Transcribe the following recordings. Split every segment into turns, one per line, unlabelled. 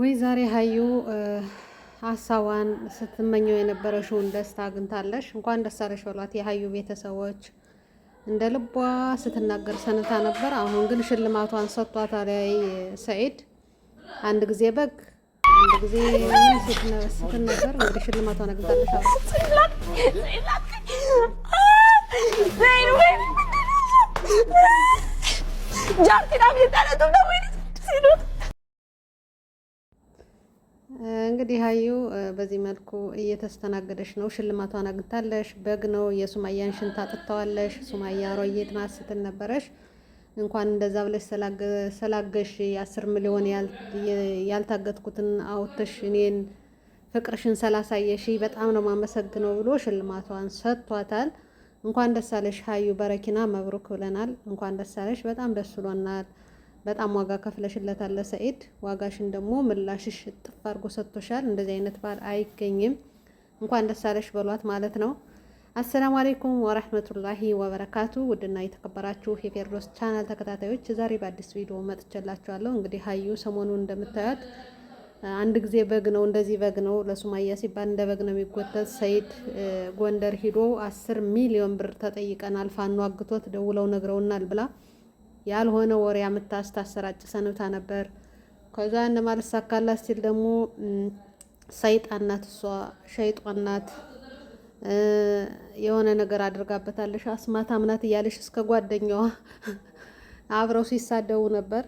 ወይ ዛሬ ሀዩ ሀሳቧን ስትመኘው የነበረሽውን ደስታ አግኝታለሽ። እንኳን ደስ አለሽ በሏት የሀዩ ቤተሰቦች። እንደ ልቧ ስትናገር ሰንታ ነበር። አሁን ግን ሽልማቷን ሰጥቷታል ሰኢድ። አንድ ጊዜ በግ አንድ ጊዜ ስትል ነበር። እንግዲህ ሽልማቷን አግኝታለሽ።
ጃርቲና ቤታለቱ ነው ወይ ሲሉት
እንግዲህ ሀዩ በዚህ መልኩ እየተስተናገደች ነው። ሽልማቷን አግኝታለሽ። በግ ነው የሱማያን ሽንት አጥተዋለሽ። ሱማያ ሮየት ናት ስትል ነበረሽ። እንኳን እንደዛ ብለሽ ሰላገሽ የአስር ሚሊዮን ያልታገትኩትን አውጥተሽ እኔን ፍቅርሽን ሰላሳየሽ በጣም ነው ማመሰግነው ብሎ ሽልማቷን ሰጥቷታል። እንኳን ደሳለሽ ሀዩ በረኪና መብሩክ ብለናል። እንኳን ደሳለሽ በጣም ደስ ብሎናል። በጣም ዋጋ ከፍለሽለታል ሰኢድ። ዋጋሽን ደግሞ ምላሽሽ እጥፍ አድርጎ ሰጥቶሻል። እንደዚህ አይነት ባል አይገኝም። እንኳን ደስ አለሽ በሏት ማለት ነው። አሰላሙ አሌይኩም ወረህመቱላሂ ወበረካቱ። ውድና የተከበራችሁ የፌርዶስ ቻናል ተከታታዮች ዛሬ በአዲስ ቪዲዮ መጥቼላችኋለሁ። እንግዲህ ሀዩ ሰሞኑን እንደምታዩት አንድ ጊዜ በግ ነው እንደዚህ በግ ነው ለሱማያ ሲባል እንደ በግ ነው የሚጎተት። ሰኢድ ጎንደር ሂዶ አስር ሚሊዮን ብር ተጠይቀናል ፋኖ አግቶት ደውለው ነግረውናል ብላ ያልሆነ ወሬ አምታ ስታሰራጭ ሰንብታ ነበር። ከዛ እንደማልሳካላት ሲል ደግሞ ሰይጣናት እሷ ሸይጧናት የሆነ ነገር አድርጋበታለሽ አስማታም ናት እያለሽ እስከ ጓደኛዋ አብረው ሲሳደቡ ነበር።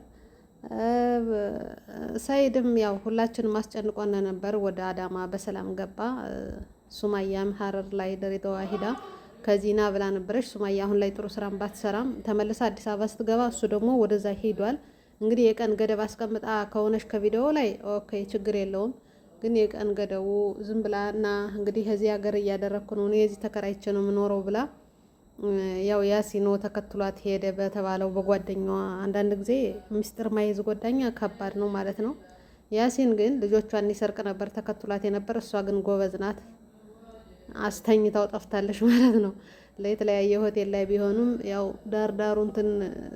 ሰይድም ያው ሁላችንም አስጨንቆን ነበር። ወደ አዳማ በሰላም ገባ። ሱማያም ሀረር ላይ ድሬዳዋ ሂዳ ከዚና ብላ ነበረች ሱማያ። አሁን ላይ ጥሩ ስራም ባትሰራም ተመልሳ አዲስ አበባ ስትገባ እሱ ደግሞ ወደዛ ሄዷል። እንግዲህ የቀን ገደብ አስቀምጣ ከሆነች ከቪዲዮ ላይ ኦኬ፣ ችግር የለውም ግን የቀን ገደቡ ዝም ብላ እና እንግዲህ ከዚህ ሀገር እያደረግኩ ነው እኔ የዚህ ተከራይቼ ነው የምኖረው ብላ ያው ያሲኖ ተከትሏት ሄደ በተባለው በጓደኛዋ። አንዳንድ ጊዜ ሚስጥር ማይዝ ጓደኛ ከባድ ነው ማለት ነው። ያሲን ግን ልጆቿን ይሰርቅ ነበር ተከትሏት የነበር እሷ ግን ጎበዝ ናት። አስተኝታው ጠፍታለች ማለት ነው። ለተለያየ ሆቴል ላይ ቢሆኑም ያው ዳርዳሩንትን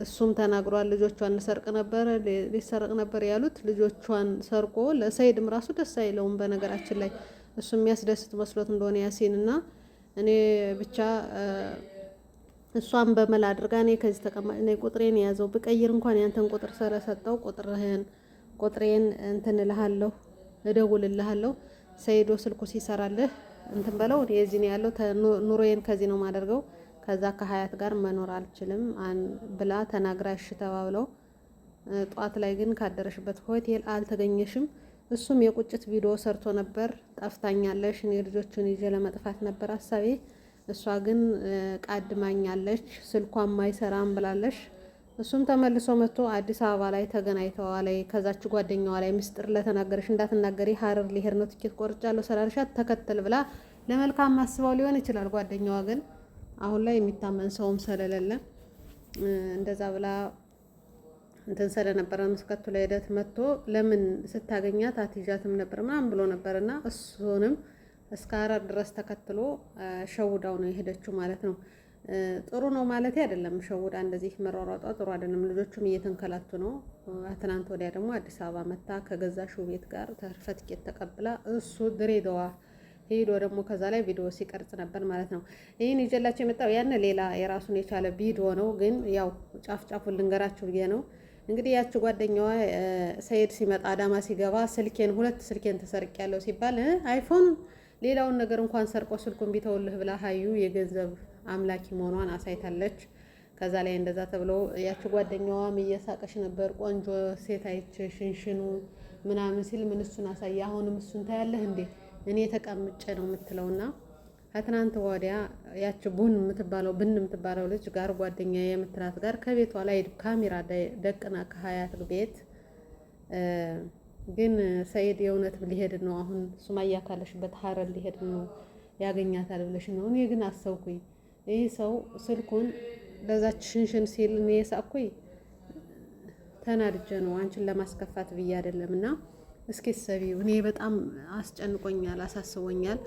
እሱም ተናግሯል። ልጆቿን ሰርቅ ነበር ሊሰርቅ ነበር ያሉት ልጆቿን ሰርቆ ለሰይድም ራሱ ደስ አይለውም። በነገራችን ላይ እሱ የሚያስደስት መስሎት እንደሆነ ያሲን እና እኔ ብቻ እሷን በመላ አድርጋ እኔ ከዚህ ተቀማጭ እኔ ቁጥሬን የያዘው ብቀይር እንኳን ያንተን ቁጥር ስለሰጠው ቁጥርህን ቁጥሬን እንትን እልሃለሁ እደውልልሃለሁ ሰይዶ ስልኩ ሲሰራልህ እንትን በለው የዚህ ነው ያለው ኑሮዬን ከዚህ ነው ማደርገው ከዛ ከሀያት ጋር መኖር አልችልም ብላ ተናግራ እሺ ተባብለው፣ ጧት ላይ ግን ካደረሽበት ሆቴል አልተገኘሽም። እሱም የቁጭት ቪዲዮ ሰርቶ ነበር። ጠፍታኛለሽ፣ እኔ ልጆቹን ይዤ ለመጥፋት ነበር ሀሳቤ፣ እሷ ግን ቃድማኛለች፣ ስልኳ አይሰራም ብላለሽ። እሱም ተመልሶ መጥቶ አዲስ አበባ ላይ ላይ ከዛች ጓደኛዋ ላይ ምስጢር ለተናገረሽ እንዳትናገሪ ሀረር ሊሄድ ነው ትኬት ቆርጫለሁ ስላልሻት ተከተል ብላ ለመልካም ማስበው ሊሆን ይችላል። ጓደኛዋ ግን አሁን ላይ የሚታመን ሰውም ስለሌለ እንደዛ ብላ እንትን ስለነበረ ምስከቱ ላይ ሂደት መጥቶ ለምን ስታገኛት አትይዣትም ነበር ምናምን ብሎ ነበር እና እሱንም እስከ ሀረር ድረስ ተከትሎ ሸውዳው ነው የሄደችው ማለት ነው። ጥሩ ነው ማለት አይደለም። ሸውዳ እንደዚህ መሯሯጧ ጥሩ አይደለም። ልጆቹም እየተንከላቱ ነው። ትናንት ወዲያ ደግሞ አዲስ አበባ መታ ከገዛ ሹ ቤት ጋር ተርፈ ትኬት ተቀብላ እሱ ድሬዳዋ ሄዶ ደግሞ ከዛ ላይ ቪዲዮ ሲቀርጽ ነበር ማለት ነው። ይህን ይዤላቸው የመጣው ያን ሌላ የራሱን የቻለ ቪዲዮ ነው፣ ግን ያው ጫፍ ጫፉን ልንገራችሁ ብዬ ነው። እንግዲህ ያቺ ጓደኛዋ ሰይድ ሲመጣ አዳማ ሲገባ ስልኬን ሁለት ስልኬን ተሰርቅ ያለው ሲባል አይፎን ሌላውን ነገር እንኳን ሰርቆ ስልኩን ቢተውልህ ብላ ሀዩ የገንዘብ አምላኪ መሆኗን አሳይታለች። ከዛ ላይ እንደዛ ተብሎ ያቺ ጓደኛዋም እየሳቀሽ ነበር ቆንጆ ሴት አይቼ ሽንሽኑ ምናምን ሲል ምን እሱን አሳየ። አሁንም እሱን ታያለህ እንዴ እኔ ተቀምጬ ነው የምትለውና ከትናንት ወዲያ ያቺ ቡን የምትባለው ብን የምትባለው ልጅ ጋር ጓደኛ የምትላት ጋር ከቤቷ ላይ ካሜራ ደቅና ከሀያት ቤት ግን ሰይድ የእውነት ሊሄድ ነው አሁን ሱማያ ካለሽበት ሀረር ሊሄድ ነው ያገኛታል ብለሽ ነው። እኔ ግን አሰብኩኝ ይህ ሰው ስልኩን ለዛች ሽንሽን ሲል እኔ የሳቅኩኝ ተናድጄ ነው፣ አንቺን ለማስከፋት ብዬ አይደለም። እና እስኪ ሰቢው እኔ በጣም አስጨንቆኛል፣ አሳስቦኛል።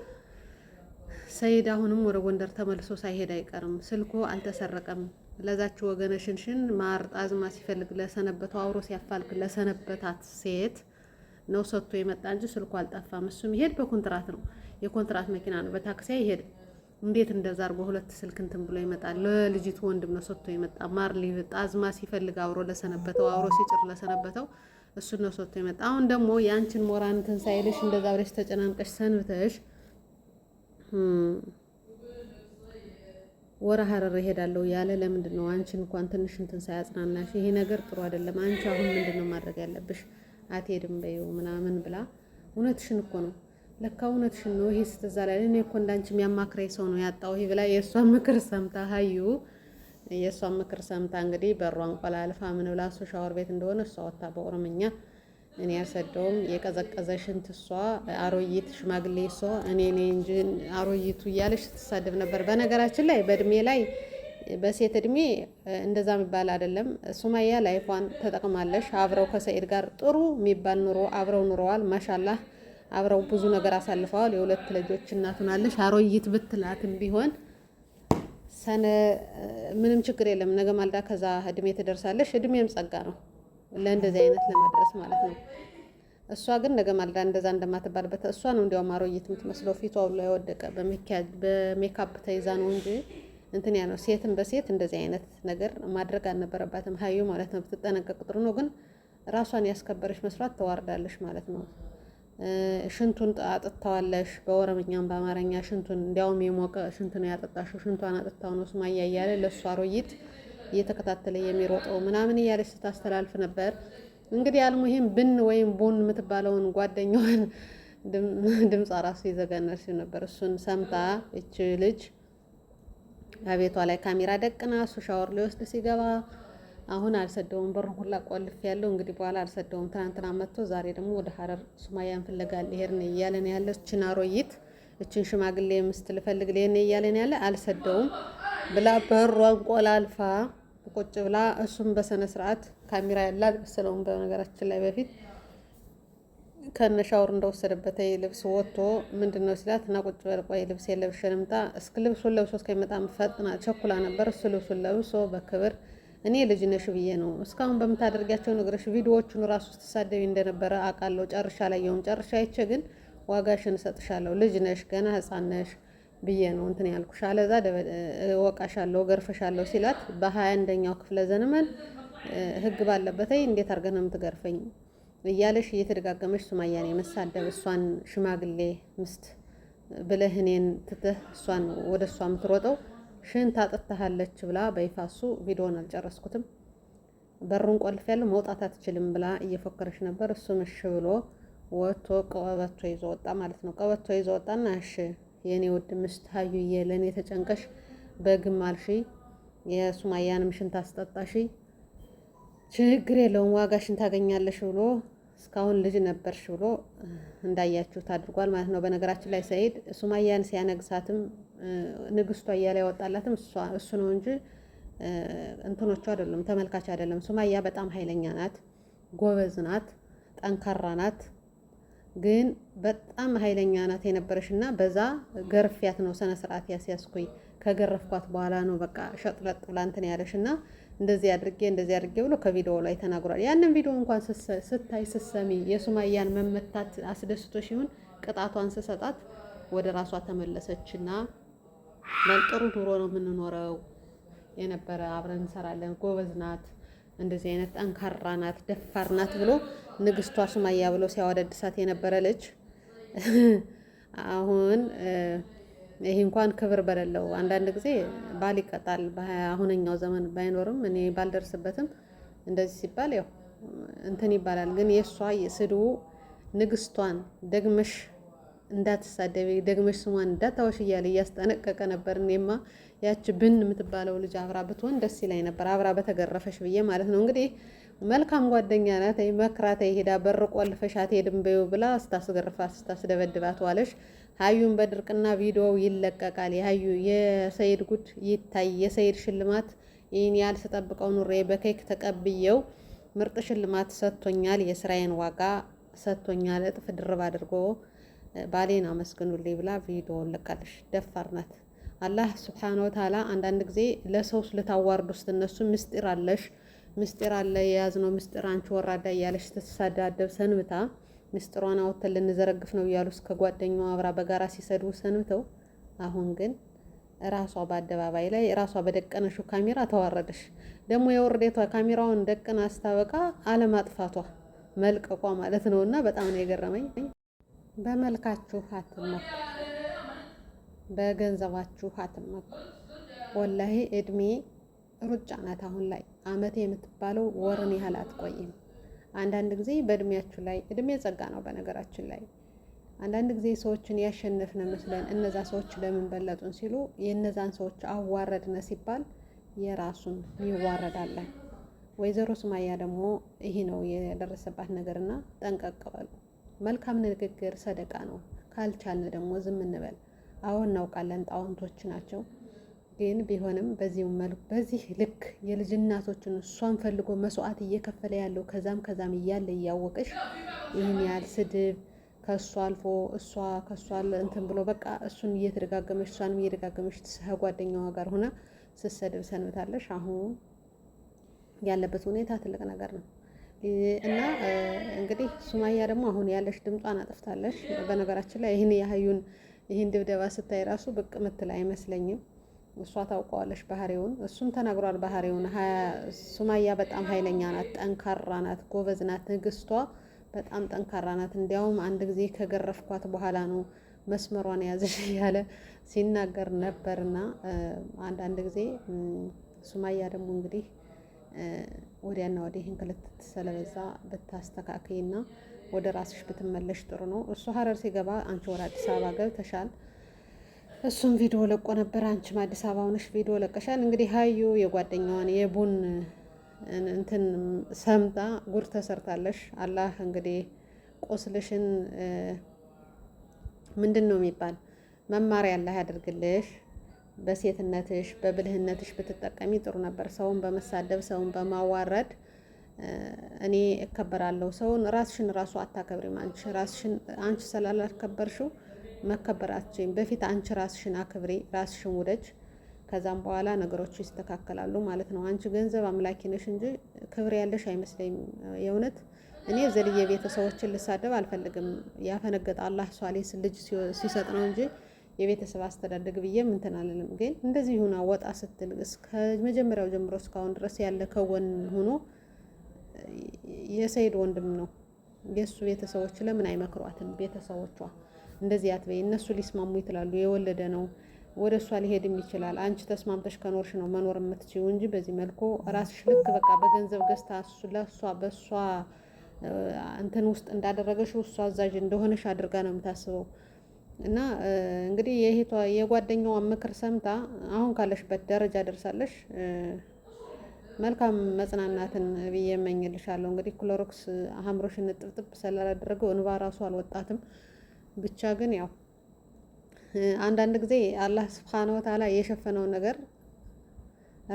ሰይድ አሁንም ወደ ጎንደር ተመልሶ ሳይሄድ አይቀርም። ስልኩ አልተሰረቀም። ለዛች ወገነ ሽንሽን ማር ጣዝማ ሲፈልግ ለሰነበተው አውሮ ሲያፋልግ ለሰነበታት ሴት ነው ሰጥቶ የመጣ እንጂ ስልኩ አልጠፋም። እሱ የሚሄድ በኮንትራት ነው፣ የኮንትራት መኪና ነው፣ በታክሲ አይሄድም። እንዴት እንደዛ አድርጎ ሁለት ስልክ እንትን ብሎ ይመጣል? ለልጅቱ ወንድም ነው ሰጥቶ ይመጣ ማር ሊበጣ አዝማ ሲፈልግ አብሮ ለሰነበተው አብሮ ሲጭር ለሰነበተው እሱን ነው ሰጥቶ ይመጣ። አሁን ደግሞ የአንችን ሞራን እንትን ሳይልሽ እንደዛ ብለሽ ተጨናንቀሽ ሰንብተሽ ወረ ሀረር እሄዳለሁ ያለ ለምንድን ነው? አንቺን እንኳን ትንሽ እንትን ሳያጽናናሽ ይሄ ነገር ጥሩ አይደለም። አንቺ አሁን ምንድን ነው ማድረግ ያለብሽ? አትሄድም በይው ምናምን ብላ እውነትሽን እኮ ነው ለካ እውነትሽን ነው። ይሄ ስትዛላል እኔ እኮ እንዳንቺ የሚያማክረኝ ሰው ነው ያጣው ይሄ ብላ የእሷን ምክር ሰምታ ሀዩ የእሷን ምክር ሰምታ እንግዲህ በሯን ቆላልፋ ምን ብላ እሱ ሻወር ቤት እንደሆነ እሷ ወታ በኦሮምኛ እኔ ያልሰደውም የቀዘቀዘ ሽንት እሷ አሮይት ሽማግሌ እሷ እኔ እኔ እንጂ አሮይቱ እያለች ስትሳደብ ነበር። በነገራችን ላይ በእድሜ ላይ በሴት እድሜ እንደዛ የሚባል አይደለም። ሱማያ ላይፏን ተጠቅማለሽ። አብረው ከሰኢድ ጋር ጥሩ የሚባል ኑሮ አብረው ኑረዋል። ማሻላህ አብረው ብዙ ነገር አሳልፈዋል። የሁለት ልጆች እናት ሆናለች። አሮይት ብትላትም ቢሆን ሰነ ምንም ችግር የለም። ነገ ማልዳ ከዛ እድሜ ትደርሳለሽ። እድሜም ጸጋ ነው ለእንደዚህ አይነት ለመድረስ ማለት ነው። እሷ ግን ነገ ማልዳ እንደዛ እንደማትባልበት እሷ ነው እንዲያውም አሮይት የምትመስለው ፊቷ ሁሉ የወደቀ በሜካፕ ተይዛ ነው እንጂ እንትን ያ ነው። ሴትም በሴት እንደዚህ አይነት ነገር ማድረግ አልነበረባትም ሀዩ ማለት ነው። ብትጠነቀቅ ጥሩ ነው። ግን ራሷን ያስከበረች መስራት ተዋርዳለች ማለት ነው። ሽንቱን አጥታዋለሽ። በኦሮምኛም በአማርኛ ሽንቱን እንዲያውም የሞቀ ሽንቱን ያጠጣሽው፣ ሽንቷን አጥታው ነው ስማያ እያለ ለእሷ ሮይት እየተከታተለ የሚሮጠው ምናምን እያለች ስታስተላልፍ ነበር። እንግዲህ አልሙሂም ብን ወይም ቡን የምትባለውን ጓደኛዋን ድምፅ ራሱ ይዘጋናል ሲል ነበር። እሱን ሰምታ እች ልጅ ከቤቷ ላይ ካሜራ ደቅና እሱ ሻወር ሊወስድ ሲገባ አሁን አልሰደውም። በሩን ሁላ ቆልፍ ያለው እንግዲህ በኋላ አልሰደውም። ትናንትና መጥቶ ዛሬ ደግሞ ወደ ሀረር ሱማያን ፍለጋ ሊሄድ ነው እያለ ያለ። እችን አሮይት እችን ሽማግሌ ምስት ልፈልግ ሊሄድ ነው እያለ ያለ። አልሰደውም ብላ በሯን ቆላልፋ ቁጭ ብላ እሱም በሰነ ስርዓት ካሜራ ያለ አልመሰለውም። በነገራችን ላይ በፊት ከነሻውር እንደወሰደበት ልብስ ወጥቶ ምንድን ነው ሲላት እና ቁጭ በል ቆይ ልብስ የለብሽ ልምጣ። እስክ ልብሱን ለብሶ እስከሚመጣም ፈጥና ቸኩላ ነበር። እሱ ልብሱን ለብሶ በክብር እኔ ልጅ ነሽ ብዬ ነው እስካሁን በምታደርጊያቸው ነገሮች ቪዲዮዎቹን ራሱ ስትሳደቢ እንደነበረ አውቃለሁ። ጨርሻ ላይ የውም ጨርሻ አይቼ ግን ዋጋሽን እሰጥሻለሁ። ልጅ ነሽ፣ ገና ህፃን ነሽ ብዬ ነው እንትን ያልኩሽ። አለዛ እወቃሻለሁ፣ ገርፈሻለሁ ሲላት በሀያ አንደኛው ክፍለ ዘመን ህግ ባለበት እንዴት አድርገህ ነው የምትገርፈኝ እያለሽ እየተደጋገመሽ ሱማያን የመሳደብ እሷን ሽማግሌ ምስት ብለህ እኔን ትተህ እሷን ወደ እሷ የምትሮጠው ሽንት ታጠታሃለች ብላ በይፋሱ ቪዲዮን አልጨረስኩትም። በሩን ቆልፍ ያለው መውጣት አትችልም ብላ እየፎከረች ነበር። እሱም እሺ ብሎ ወጥቶ ቀበቶ ይዞ ወጣ ማለት ነው። ቀበቶ ይዞ ወጣና እሺ የእኔ ውድ ምስት ሀዩዬ ለእኔ ተጨንቀሽ በግማል ሺ የሱማያንም ሽን ታስጠጣ ችግር የለውም ዋጋሽን ታገኛለሽ ብሎ እስካሁን ልጅ ነበርሽ ብሎ እንዳያችሁት አድርጓል ማለት ነው። በነገራችን ላይ ሰይድ ሱማያን ሲያነግሳትም ንግስቷ እያለ ያወጣላትም እሱ ነው እንጂ እንትኖቹ አይደለም፣ ተመልካች አይደለም። ሱማያ በጣም ኃይለኛ ናት፣ ጎበዝ ናት፣ ጠንካራ ናት። ግን በጣም ኃይለኛ ናት የነበረሽ እና በዛ ገርፊያት ነው ስነ ስርዓት ያስያዝኩኝ። ከገረፍኳት በኋላ ነው በቃ ሸጥለጥ ብላ እንትን ያለሽ እና እንደዚህ አድርጌ እንደዚህ አድርጌ ብሎ ከቪዲዮ ላይ ተናግሯል። ያንን ቪዲዮ እንኳን ስታይ ስሰሚ የሱማያን መመታት አስደስቶ ሲሆን ቅጣቷን ስሰጣት ወደ ራሷ ተመለሰችና ጥሩ ድሮ ነው የምንኖረው የነበረ አብረን እንሰራለን፣ ጎበዝ ናት፣ እንደዚህ አይነት ጠንካራ ናት፣ ደፋር ናት ብሎ ንግስቷ ሱማያ ብሎ ሲያወደድሳት የነበረ ልጅ አሁን ይሄ እንኳን ክብር በሌለው አንዳንድ ጊዜ ባል ይቀጣል። አሁነኛው ዘመን ባይኖርም እኔ ባልደርስበትም እንደዚህ ሲባል ያው እንትን ይባላል። ግን የእሷ ስድቡ ንግስቷን ደግመሽ እንዳትሳደቢ ደግመሽ ስሟን እንዳታወሽ እያለ እያስጠነቀቀ ነበር። እኔማ ያች ብን የምትባለው ልጅ አብራ ብትሆን ደስ ይላይ ነበር፣ አብራ በተገረፈሽ ብዬ ማለት ነው እንግዲህ መልካም ጓደኛ ናት። መክራት ሄዳ በር ቆልፈሽ አትሄድም በይው ብላ ስታስገርፋት ስታስደበድባት ዋለሽ። ሀዩን በድርቅና ቪዲዮው ይለቀቃል። የሀዩ የሰይድ ጉድ ይታይ። የሰይድ ሽልማት ይህን ያህል ስጠብቀው ኑሬ በኬክ ተቀብየው ምርጥ ሽልማት ሰጥቶኛል። የስራዬን ዋጋ ሰጥቶኛል። እጥፍ ድርብ አድርጎ ባሌን አመስግኑልኝ ብላ ቪዲዮ ለቃለሽ። ደፋር ናት። አላህ ስብሓን ወተዓላ አንዳንድ ጊዜ ለሰው ስለታዋርዱ ስትነሱ ምስጢር አለሽ ምስጢር አለ የያዝነው ምስጢር አንቺ ወራዳ እያለች ስትሳዳደብ ሰንብታ ምስጢሯን አውጥተን ልንዘረግፍ ነው እያሉ እስከ ጓደኛዋ አብራ በጋራ ሲሰድቡ ሰንብተው አሁን ግን ራሷ በአደባባይ ላይ ራሷ በደቀነሽው ካሜራ ተዋረደሽ። ደግሞ የወርዴቷ ካሜራውን ደቅና አስታበቃ አለማጥፋቷ መልቀቋ ማለት ነው። እና በጣም ነው የገረመኝ። በመልካችሁ አትመኩ፣ በገንዘባችሁ አትመኩ። ወላሂ እድሜ ሩጫ ናት። አሁን ላይ አመቴ የምትባለው ወርን ያህል አትቆይም። አንዳንድ ጊዜ በእድሜያችሁ ላይ እድሜ ጸጋ ነው። በነገራችን ላይ አንዳንድ ጊዜ ሰዎችን ያሸነፍነ መስለን እነዛ ሰዎች ለምን በለጡን ሲሉ የእነዛን ሰዎች አዋረድነ ሲባል የራሱን ይዋረዳለን። ወይዘሮ ሱማያ ደግሞ ይሄ ነው የደረሰባት ነገርና ጠንቀቅ በሉ። መልካም ንግግር ሰደቃ ነው። ካልቻልን ደግሞ ዝም እንበል። አዎ እናውቃለን ጣውንቶች ናቸው ግን ቢሆንም በዚህ መልኩ በዚህ ልክ የልጅናቶችን እሷን ፈልጎ መስዋዕት እየከፈለ ያለው ከዛም ከዛም እያለ እያወቀሽ ይህን ያህል ስድብ ከእሷ አልፎ እሷ ከእሷ እንትን ብሎ በቃ እሱን እየተደጋገመች እሷንም እየደጋገመች ከጓደኛዋ ጋር ሆና ስትሰድብ ሰንብታለሽ። አሁን ያለበት ሁኔታ ትልቅ ነገር ነው። እና እንግዲህ ሱማያ ደግሞ አሁን ያለሽ ድምጿን አጥፍታለሽ። በነገራችን ላይ ይህን ያህዩን ይህን ድብደባ ስታይ ራሱ ብቅ ምትል አይመስለኝም። እሷ ታውቀዋለች ባህሪውን፣ እሱም ተናግሯል ባህሪውን። ሱማያ በጣም ኃይለኛ ናት፣ ጠንካራ ናት፣ ጎበዝ ናት። ንግስቷ በጣም ጠንካራ ናት። እንዲያውም አንድ ጊዜ ከገረፍኳት በኋላ ነው መስመሯን የያዘሽ እያለ ሲናገር ነበርና አንዳንድ ጊዜ ሱማያ ደግሞ እንግዲህ ወዲያና ወዲህን ክልትት ስለበዛ ብታስተካክይና ወደ ራስሽ ብትመለሽ ጥሩ ነው። እሱ ሀረር ሲገባ አንቺ ወደ አዲስ አበባ ገብተሻል። እሱም ቪዲዮ ለቆ ነበር። አንቺም አዲስ አበባ ሆነሽ ቪዲዮ ለቀሻል። እንግዲህ ሀዩ የጓደኛዋን የቡን እንትን ሰምጣ ጉድ ተሰርታለሽ። አላህ እንግዲህ ቁስልሽን ምንድን ነው የሚባል መማሪያ አላህ ያደርግልሽ። በሴትነትሽ በብልህነትሽ ብትጠቀሚ ጥሩ ነበር። ሰውን በመሳደብ ሰውን በማዋረድ እኔ እከበራለሁ። ሰውን ራስሽን ራሱ አታከብሪም። አንቺ ራስሽን አንቺ ስላላከበርሽው መከበራችን በፊት አንቺ ራስሽን አክብሪ፣ ራስሽን ውደጅ። ከዛም በኋላ ነገሮች ይስተካከላሉ ማለት ነው። አንቺ ገንዘብ አምላኪ ነሽ እንጂ ክብር ያለሽ አይመስለኝም። የእውነት እኔ ዘልዬ ቤተሰቦችን ልሳደብ አልፈልግም። ያፈነገጠ አላህ ሷሌ ልጅ ሲሰጥ ነው እንጂ የቤተሰብ አስተዳደግ ብዬ እንትን አልልም። ግን እንደዚህ ሁና ወጣ ስትል ከመጀመሪያው ጀምሮ እስካሁን ድረስ ያለ ከጎን ሆኖ የሰይድ ወንድም ነው። የእሱ ቤተሰቦች ለምን አይመክሯትም? ቤተሰቦቿ እንደዚህ አትበይ፣ እነሱ ሊስማሙ ይችላሉ የወለደ ነው ወደ እሷ ሊሄድም ይችላል። አንቺ ተስማምተሽ ከኖርሽ ነው መኖር የምትችው እንጂ በዚህ መልኩ ራስሽ ልክ በቃ በገንዘብ ገዝታ ለእሷ በእሷ እንትን ውስጥ እንዳደረገሽ እሷ አዛዥ እንደሆነሽ አድርጋ ነው የምታስበው። እና እንግዲህ የእህቷ የጓደኛዋ ምክር ሰምታ አሁን ካለሽበት ደረጃ ደርሳለሽ። መልካም መጽናናትን ብዬ እመኝልሻለሁ። እንግዲህ ክሎሮክስ ሀምሮሽን ጥብጥብ ስላላደረገው እንባ ራሱ አልወጣትም። ብቻ ግን ያው አንዳንድ ጊዜ አላህ ስብሓን ወተዓላ የሸፈነውን ነገር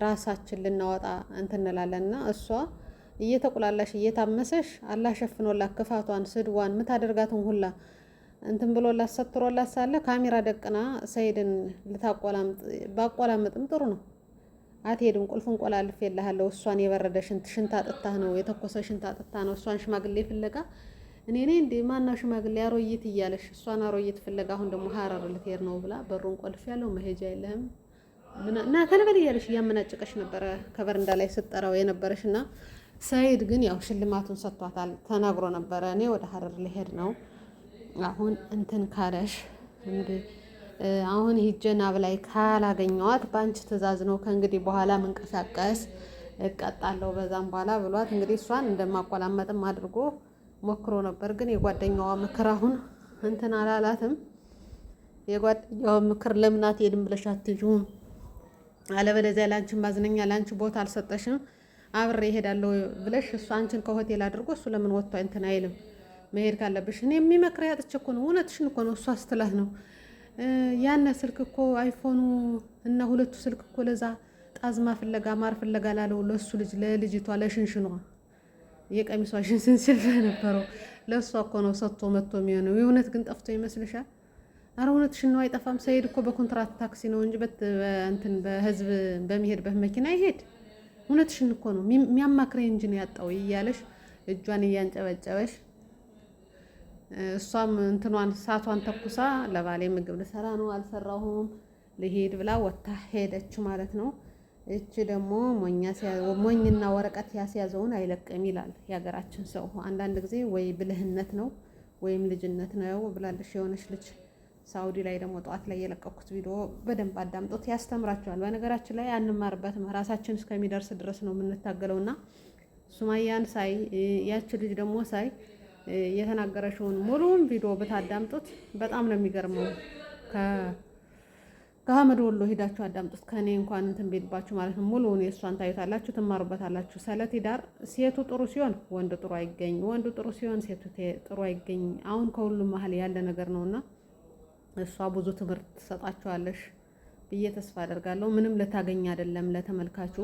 ራሳችን ልናወጣ እንትንላለን እና እሷ እየተቁላላሽ እየታመሰሽ አላህ ሸፍኖላት ክፋቷን፣ ስድዋን ምታደርጋትን ሁላ እንትን ብሎላት ሰትሮላት ሳለ ካሜራ ደቅና ሰይድን ልታቆላምጥ ጥሩ ነው። አትሄድም። ቁልፍን ቆላልፍ የለሃለው። እሷን የበረደ ሽንት ሽንት አጥታህ ነው የተኮሰ ሽንት አጥታህ ነው እሷን ሽማግሌ ፍለጋ እኔ እኔ እንዴ ማና ሽማግሌ አሮይት እያለሽ እሷን አሮይት ፍለጋ አሁን ደግሞ ሀረር ልትሄድ ነው ብላ በሩን ቆልፍ ያለው መሄጃ የለህም እና ተነበል እያለሽ እያመናጨቀሽ ነበረ ከበረንዳ ላይ ስጠራው የነበረሽ እና ሰይድ ግን ያው ሽልማቱን ሰጥቷታል። ተናግሮ ነበረ እኔ ወደ ሀረር ልሄድ ነው አሁን እንትን ካለሽ አሁን ሂጀና ብላይ ካላገኘዋት በአንቺ ተዛዝ ነው ከእንግዲህ በኋላ መንቀሳቀስ እቀጣለሁ በዛም በኋላ ብሏት እንግዲህ እሷን እንደማቆላመጥም አድርጎ ሞክሮ ነበር። ግን የጓደኛዋ ምክር አሁን እንትን አላላትም። የጓደኛዋ ምክር ለምን አትሄድም ብለሽ አትይዥውም፣ አለበለዚያ ለአንቺ ማዝነኛ ለአንቺ ቦታ አልሰጠሽም አብሬ እሄዳለሁ ብለሽ እሱ አንቺን ከሆቴል አድርጎ እሱ ለምን ወጥቶ እንትን አይልም? መሄድ ካለብሽ እኔ የሚመክር ያጥች እኮ ነው። እውነትሽን እኮ ነው እሱ አስትላት ነው ያነ ስልክ እኮ አይፎኑ እና ሁለቱ ስልክ እኮ ለዛ ጣዝማ ፍለጋ ማር ፍለጋ ላለው ለሱ ልጅ ለልጅቷ ለሽንሽኗ የቀሚሷሽን ስንስል ነበረው ለእሷ እኮ ነው ሰጥቶ መጥቶ የሚሆነው። የእውነት ግን ጠፍቶ ይመስልሻል? አረ እውነት ነው፣ አይጠፋም። ሰይድ እኮ በኮንትራት ታክሲ ነው እንጂ እንትን በህዝብ በሚሄድበት መኪና ይሄድ። ሽን እኮ ነው፣ የሚያማክረኝ እንጂ ነው ያጣው እያለሽ እጇን እያንጨበጨበሽ እሷም እንትኗን ሳቷን ተኩሳ ለባሌ ምግብ ልሰራ ነው አልሰራሁም ልሄድ ብላ ወታ ሄደች ማለት ነው። እች ደግሞ ሞኝና ወረቀት ያስያዘውን አይለቅም ይላል የሀገራችን ሰው። አንዳንድ ጊዜ ወይ ብልህነት ነው ወይም ልጅነት ነው ብላለሽ የሆነች ልጅ ሳውዲ ላይ ደግሞ ጠዋት ላይ የለቀኩት ቪዲዮ በደንብ አዳምጦት ያስተምራቸዋል። በነገራችን ላይ አንማርበትም ራሳችን እስከሚደርስ ድረስ ነው የምንታገለው እና ሱማያን ሳይ ያች ልጅ ደግሞ ሳይ የተናገረችውን ሙሉውን ቪዲዮ ብታዳምጡት በጣም ነው የሚገርመው። ከአህመድ ወሎ ሄዳችሁ አዳምጡት። ከእኔ እንኳን እንትን ቤልባችሁ ማለት ነው። ሙሉውን የእሷን ታዩታላችሁ፣ ትማሩበታላችሁ። ስለ ትዳር ሴቱ ጥሩ ሲሆን ወንድ ጥሩ አይገኝ፣ ወንዱ ጥሩ ሲሆን ሴቱ ጥሩ አይገኝ። አሁን ከሁሉም መሀል ያለ ነገር ነውና እሷ ብዙ ትምህርት ትሰጣችኋለሽ ብዬ ተስፋ አደርጋለሁ። ምንም ልታገኝ አይደለም ለተመልካቹ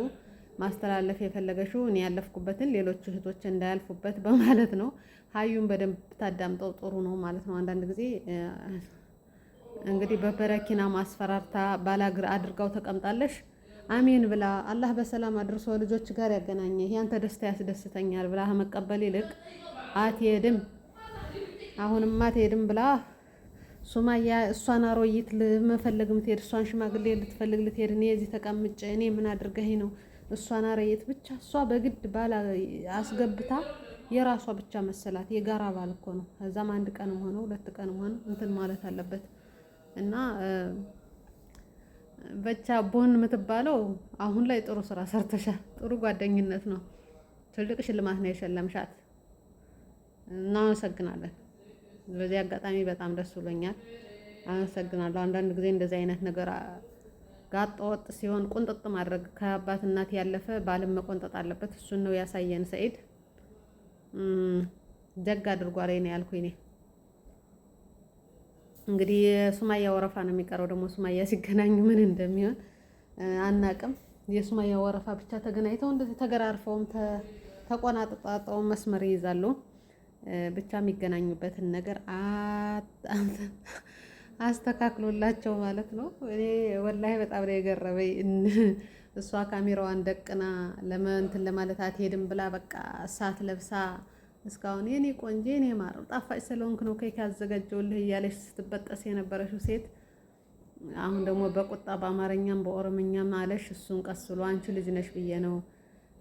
ማስተላለፍ የፈለገችው እኔ ያለፍኩበትን ሌሎች እህቶች እንዳያልፉበት በማለት ነው። ሀዩን በደንብ ታዳምጠው ጥሩ ነው ማለት ነው። አንዳንድ ጊዜ እንግዲህ በበረኪና ማስፈራርታ ባላግር አድርጋው ተቀምጣለሽ። አሜን ብላ አላህ በሰላም አድርሶ ልጆች ጋር ያገናኘ ያንተ ደስታ ያስደስተኛል ብላ መቀበል ይልቅ አትሄድም፣ አሁንም አትሄድም ብላ ሱማያ እሷን አሮይት ልመፈለግ ምትሄድ እሷን ሽማግሌ ልትፈልግ ልትሄድ፣ እኔ እዚህ ተቀምጬ እኔ ምን አድርገኝ ነው እሷን አሮይት ብቻ እሷ በግድ ባል አስገብታ የራሷ ብቻ መሰላት። የጋራ ባል እኮ ነው። ከዛም አንድ ቀንም ሆነ ሁለት ቀንም ሆነ እንትን ማለት አለበት። እና በቻ ቦን የምትባለው አሁን ላይ ጥሩ ስራ ሰርተሻል። ጥሩ ጓደኝነት ነው። ትልቅ ሽልማት ነው የሸለምሻት። እናመሰግናለን። በዚህ አጋጣሚ በጣም ደስ ብሎኛል። አመሰግናለሁ። አንዳንድ ጊዜ እንደዚህ አይነት ነገር ጋጥ ወጥ ሲሆን ቁንጥጥ ማድረግ ከአባት እናት ያለፈ ባልም መቆንጠጥ አለበት። እሱን ነው ያሳየን ሰኢድ። ደግ አድርጓ ነው ያልኩኝ እኔ እንግዲህ የሱማያ ወረፋ ነው የሚቀረው። ደግሞ ሱማያ ሲገናኙ ምን እንደሚሆን አናቅም። የሱማያ ወረፋ ብቻ ተገናኝተው እንደዚህ ተገራርፈውም ተቆናጥጣጠው መስመር ይይዛሉ። ብቻ የሚገናኙበትን ነገር አስተካክሎላቸው ማለት ነው። እኔ ወላሂ በጣም ነው የገረመኝ። እሷ ካሜራዋን ደቅና ለመንትን ለማለት አትሄድም ብላ በቃ እሳት ለብሳ እስካሁን የኔ ቆንጆ የኔ ማር ጣፋጭ ስለሆንክ ነው ኬክ ያዘጋጀውልህ እያለች ስትበጠስ የነበረችው ሴት አሁን ደግሞ በቁጣ በአማርኛም በኦሮምኛም አለሽ። እሱን ቀስሎ አንቺ ልጅ ነሽ ብዬ ነው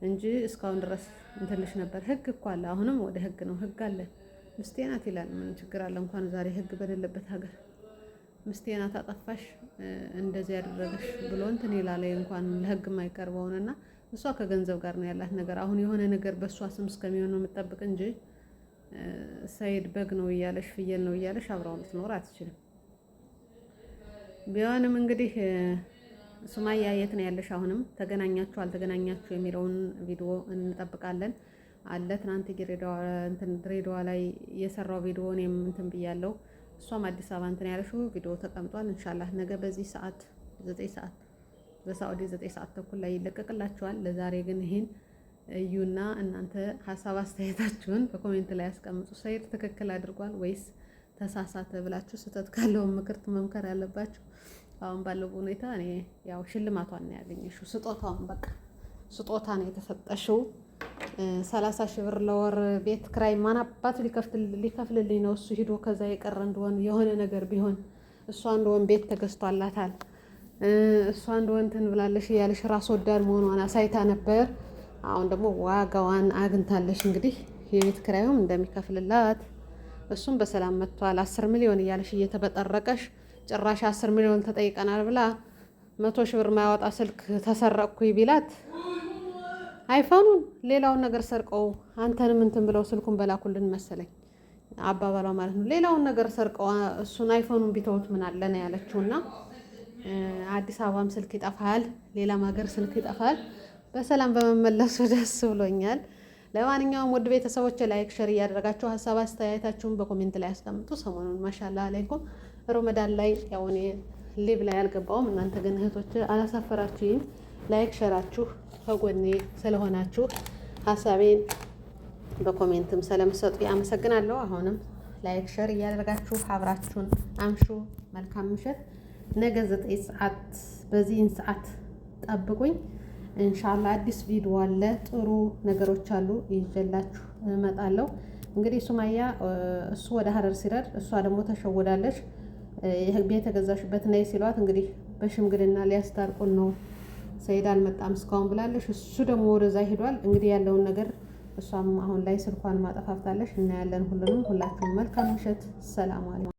እንጂ እስካሁን ድረስ እንትንሽ ነበር። ህግ እኮ አለ። አሁንም ወደ ህግ ነው። ህግ አለ። ምስቴ ናት ይላል። ምን ችግር አለ? እንኳን ዛሬ ህግ በሌለበት ሀገር ምስቴናት ናት አጠፋሽ፣ እንደዚህ ያደረገሽ ብሎ እንትን ይላል። እንኳን ለህግ የማይቀርበውንና እሷ ከገንዘብ ጋር ነው ያላት ነገር። አሁን የሆነ ነገር በእሷ ስም እስከሚሆን ነው የምጠብቅ እንጂ ሰይድ በግ ነው እያለሽ ፍየል ነው እያለሽ አብራው ልትኖር አትችልም። ቢሆንም እንግዲህ ሱማያ የት ነው ያለሽ? አሁንም ተገናኛችሁ አልተገናኛችሁ የሚለውን ቪዲዮ እንጠብቃለን። አለ ትናንት ድሬዳዋ ላይ የሰራው ቪዲዮ እኔም እንትን ብያለው። እሷም አዲስ አበባ እንትን ያለሽው ቪዲዮ ተቀምጧል። እንሻላ ነገ በዚህ ሰዓት ዘጠኝ ሰዓት በሳዑዲ ዘጠኝ ሰዓት ተኩል ላይ ይለቀቅላችኋል። ለዛሬ ግን ይህን እዩና እናንተ ሀሳብ አስተያየታችሁን በኮሜንት ላይ ያስቀምጡ። ሰይድ ትክክል አድርጓል ወይስ ተሳሳተ ብላችሁ ስህተት ካለውን ምክርት መምከር ያለባችሁ። አሁን ባለው ሁኔታ እኔ ያው ሽልማቷን ነው ያገኘሽው፣ ስጦታውን በቃ ስጦታ ነው የተሰጠሽው። ሰላሳ ሺህ ብር ለወር ቤት ክራይ ማን ሊከፍልልኝ ነው? እሱ ሂዶ ከዛ የቀረ እንደሆን የሆነ ነገር ቢሆን እሷ እንደሆን ቤት ተገዝቷላታል። እሷ አንድ ወንትን ብላለሽ እያለሽ ራስ ወዳድ መሆኗን አሳይታ ነበር። አሁን ደግሞ ዋጋዋን አግኝታለሽ። እንግዲህ የቤት ክራዩም እንደሚከፍልላት እሱም በሰላም መጥቷል። አስር ሚሊዮን እያለሽ እየተበጠረቀሽ ጭራሽ አስር ሚሊዮን ተጠይቀናል ብላ መቶ ሺህ ብር ማያወጣ ስልክ ተሰረቅኩኝ ቢላት አይፎኑን ሌላውን ነገር ሰርቀው አንተንም እንትን ብለው ስልኩን በላኩልን መሰለኝ አባባሏ ማለት ነው። ሌላውን ነገር ሰርቀው እሱን አይፎኑን ቢተውት ምን አለ ነው ያለችውና አዲስ አበባም ስልክ ይጠፋል፣ ሌላም ሀገር ስልክ ይጠፋል። በሰላም በመመለሱ ደስ ብሎኛል። ለማንኛውም ውድ ቤተሰቦች ላይክ ሸር እያደረጋችሁ ሀሳብ አስተያየታችሁን በኮሜንት ላይ አስቀምጡ። ሰሞኑን ማሻላ አለይኩም ሮመዳን ላይ ያው እኔ ሊብ ላይ አልገባውም፣ እናንተ ግን እህቶች አላሳፈራችሁም። ላይክ ሸራችሁ ከጎኔ ስለሆናችሁ ሀሳቤን በኮሜንትም ስለምሰጡ አመሰግናለሁ። አሁንም ላይክ ሸር እያደረጋችሁ አብራችሁን አምሹ። መልካም ምሽት። ነገ ዘጠኝ ሰዓት በዚህን ሰዓት ጠብቁኝ። እንሻላ አዲስ ቪዲዮ አለ፣ ጥሩ ነገሮች አሉ ይዤላችሁ እመጣለሁ። እንግዲህ ሱማያ እሱ ወደ ሀረር ሲረድ እሷ ደግሞ ተሸወዳለች። ቤት ተገዛሽበት ነይ ሲሏት እንግዲህ በሽምግልና ሊያስታርቁን ነው ሰይድ አልመጣም እስካሁን ብላለች። እሱ ደግሞ ወደዛ ሂዷል። እንግዲህ ያለውን ነገር እሷም አሁን ላይ ስልኳን ማጠፋፍታለች። እናያለን ሁሉንም። ሁላችሁም መልካም ምሽት። ሰላም አለ